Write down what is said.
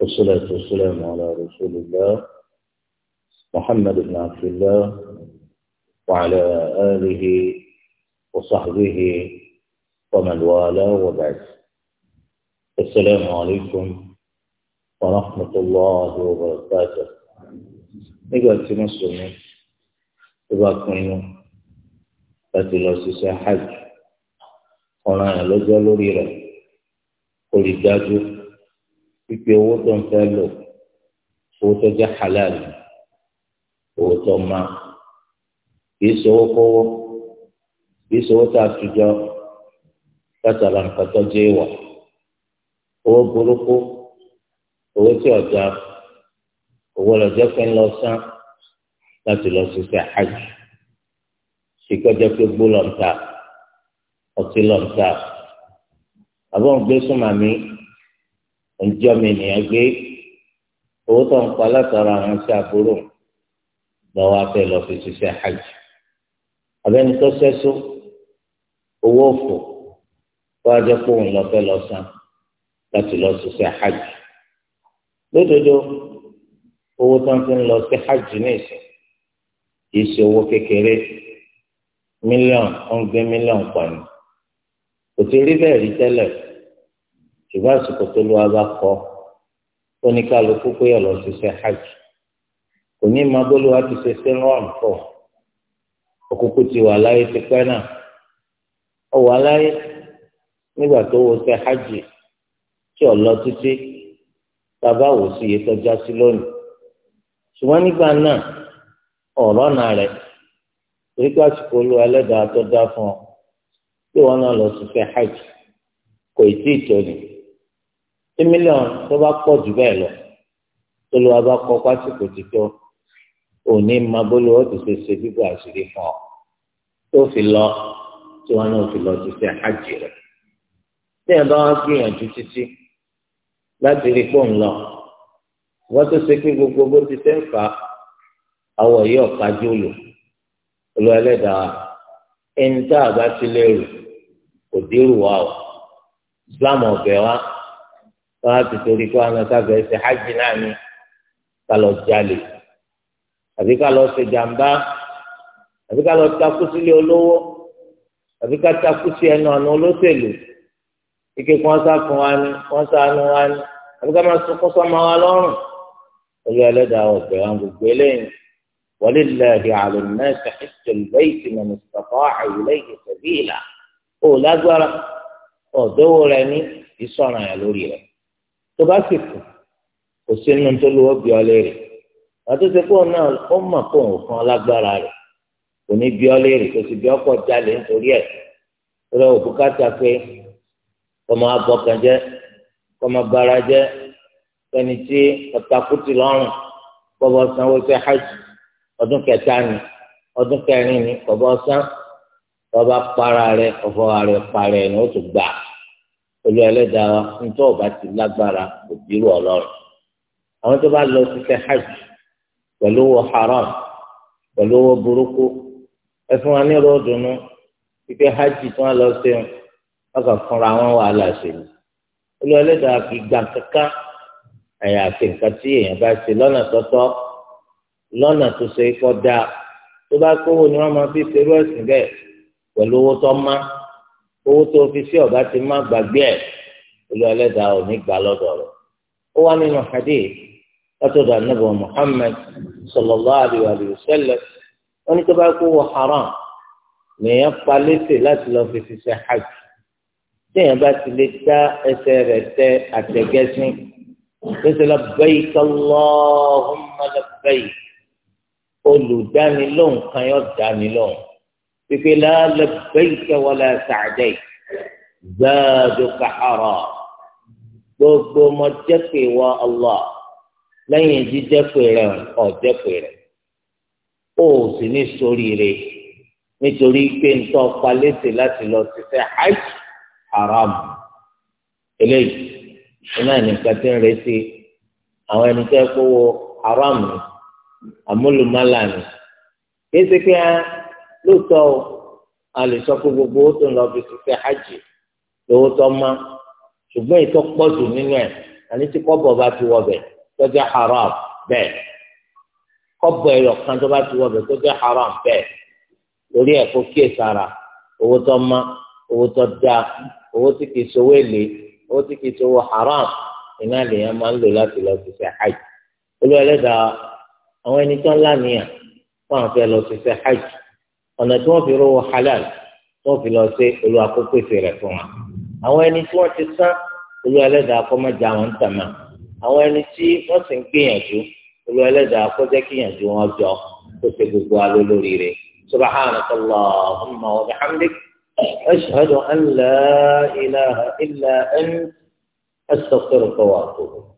والصلاة والسلام على رسول الله محمد بن عبد الله وعلى آله وصحبه ومن والاه وبعد السلام عليكم ورحمة الله وبركاته نقول في مصر تباكم láti lọ ṣiṣẹ́ hajj ọ̀ràn ẹ̀ lọ́jọ́ lórí pípé owó tó ń fẹ́ lò owó tó jẹ́ halal owó tó má kìí sowó kówó kìí sowó tá a tujọ látara nǹkan tó jẹ́ ìwà owó burúkú owó tí ọ̀dà owó lọ́jọ́ pé ń lọ sán láti lọ sí ṣe ìkọjọ pé gbó lọ́ntà ọtí lọ́ntà àbọ̀ gbé súnmọ́ mi ǹjọ́ mi nìyẹn gbé owó tó ń pa látara àwọn sí àbúrò lọ́wọ́ afẹ́ lọ fi ṣiṣẹ́ hajj abẹ́ni tó ṣẹ́só owó òfò tó ajẹ́ pé òun lọ́fẹ́ lọ san láti lọ ṣiṣẹ́ hajj lódodo owó tó ń fi lọ sí hajj nìyẹn kìí ṣe owó kékeré mílíọ̀nù ó ń gbé mílíọ̀nù pọ̀ ní kò ti rí bẹ́ẹ̀ rí tẹ́lẹ̀ fún ṣùgbọ́n àsìkò tó lu abá kọ ó ní kálukú pé ọ̀lọ́ ṣiṣẹ́ hajj kò ní máa bólúwa ti ṣe ṣe rán pọ̀ òkúkú ti wà láyé ti pẹ́ náà ó wà láyé nígbà tó wo ṣe hajj tí ọ̀lọ́ títí bàbá wò sí iye tọ́já sí lónìí ṣùgbọ́n nígbà náà ọ̀rọ̀ náà rẹ̀ torí pé àsìkò olú ẹlẹ́dàá tó dá fún ọ tí wọ́n náà lọ ṣiṣẹ́ hajj kò tí ì tó tí mílíọ̀nù tó bá pọ̀ jù bẹ́ẹ̀ lọ tó lọ́wọ́ bá kọ́ pásìkò títọ́ òní máa bólú ọ́ ti ṣe ṣe bíbọ̀ àṣírí fún ọ tó fi lọ tí wọn náà fi lọ ti ṣe hajj rẹ̀ tí ẹ̀ bá wọn gbìyànjú títí láti rí pọ̀ ń wọ́n tó ṣe pé gbogbo bó ti ṣe fà àwọ̀ yìí ọ̀ka jùlọ olú ẹlẹ́dàá ẹni tá a bá ti lérò kò dérò wa o Islam ọ̀bẹ wa wọn á ti torí kó àwọn sábẹ ẹsẹ hajj náà ni ká lọ jalè àbí ká lọ ṣe jàmbá àbí ká lọ takú sílé olówó àbí ká takú sí ẹnu ọ̀nà olóṣèlú ike kí wọn sá fún wa ni wọn sá nu wa ni àbí ká máa sunkún sọmọ wa lọ́rùn olú ẹlẹ́dàá ọ̀bẹ wọn gbogbo eléyìí wọlé lẹ́ẹ̀dì àlùmẹ́sì ìṣẹ̀lẹ̀ ìtìmọ̀nì sọ̀kọ́ àìlẹ́ ìṣẹ̀bí ìlà ò lágbára ọ̀dọ́wọ́ rẹ ní ìsọ̀ràn ẹ̀ lórí rẹ̀ tó bá sì kù kò sí nínú tó lówó bí ọ léèrè àtúnṣe pọ̀ náà ó mọ̀ pé òun fún ọ lágbára rẹ̀ kò ní bí ọ léèrè kò sì bí ọkọ̀ jalè nítorí ẹ̀ rẹ òbúkátà pé ọmọ abọ́kan jẹ́ kọ́mọ bara jẹ́ ẹni tí ọ̀tàkùtì lọ́rùn bọ́bọ̀ sanwó sí hajj ọdún kẹta ni ọdún kẹrin ni bọ́bọ̀ san bọ́bá para rẹ̀ ọ̀fọ̀ rẹ̀ parẹ́ ni ó tún gbà olú ẹlẹ́dàá wa nítorí ọba ti lágbára kò bírú ọlọ́run àwọn tó bá lọ síṣẹ́ hajj pẹ̀lú owó haram pẹ̀lú owó burúkú ẹ fún wa ní ròdùnú pípẹ́ hajj tí wọ́n lọ sí wọn kàn fúnra wọn wà láṣẹ ni olú ẹlẹ́dàá fi gbà kankan ẹ̀yà àti nǹkan tí èèyàn bá ṣe lọ́nà tọ́tọ́ lọ́nà tó ṣe é kọ́ dáa tó bá kówó ni wọ́n máa fi ṣerú ẹ̀sìn bẹ́ẹ̀ pẹ̀lú owó tó máa owó tó fi sí ọ̀gá ti má gbàgbé ẹ̀ olú ẹlẹ́dàá ò ní gbà lọ́dọ̀ rẹ̀ ó wá nínú hadith látọ̀dọ̀ anábọ̀ Muhammad sallallahu alaihi wa sallam wọ́n ní tó bá kó wọ haram lèèyàn pa létè láti lọ fi ṣiṣẹ́ hajj téèyàn bá ti lè dá ẹsẹ̀ rẹ̀ tẹ àtẹ̀gẹ́sìn lẹ́sẹ̀ labbaik Allahumma labbaik olùdánilóhùn kan yóò dánilóhùn pípé lálẹ́ bẹ́ẹ̀kẹ́ wọlé sàdé zaadu kàhárà gbogbo mọ jẹ́pẹ̀ wọ Allah lẹ́yìn jíjẹ́pẹ̀ rẹ̀ ọ̀jẹ́pẹ̀ rẹ̀ ó sì ní sóríire nítorí pé ń tọ́ palẹ́sẹ̀ láti lọ ṣiṣẹ́ hajj haram eléyìí iná nìkan ti ń retí àwọn ẹni tẹ́ kówó haram ni ni kí ẹ ṣe pé á lóòótọ́ o a lè sọ pé gbogbo owó tó ń lọ fi ṣiṣẹ́ hajj lówó tó má ṣùgbọ́n ìtọ́ pọ̀ jù nínú ẹ̀ àní tí kọ́bọ̀ bá ti wọbẹ̀ tó jẹ́ haram bẹ́ẹ̀ kọ́bọ̀ ẹ̀yọ̀ kan tó bá ti wọbẹ̀ tó jẹ́ haram bẹ́ẹ̀ lórí ẹ̀ kó kíyè sára owó tó má owó tó dáa owó tí kìí ṣowó èlé owó tí kìí ṣowó haram iná lèèyàn máa ń lò láti lọ ṣiṣẹ́ hajj olú ẹlẹ́dàá àwọn ẹni tó ń lánìyàn fún àwọn fẹ́ lọ ṣiṣẹ́ hajj ọ̀nà tí wọ́n fi rówó halal tí wọ́n fi lọ sí olúwa kó pèsè rẹ̀ fún wa àwọn ẹni tí wọ́n ti sán olúwa ẹlẹ́dàá kó má já wọn ń tàmà àwọn ẹni tí wọ́n sì ń gbìyànjú olúwa ẹlẹ́dàá kó jẹ́ kíyànjú wọn jọ kó ṣe gbogbo aló lórí rẹ̀ subhanaka allahumma wa bihamdik ashhadu an la ilaha illa ant astaghfiruka wa atubu.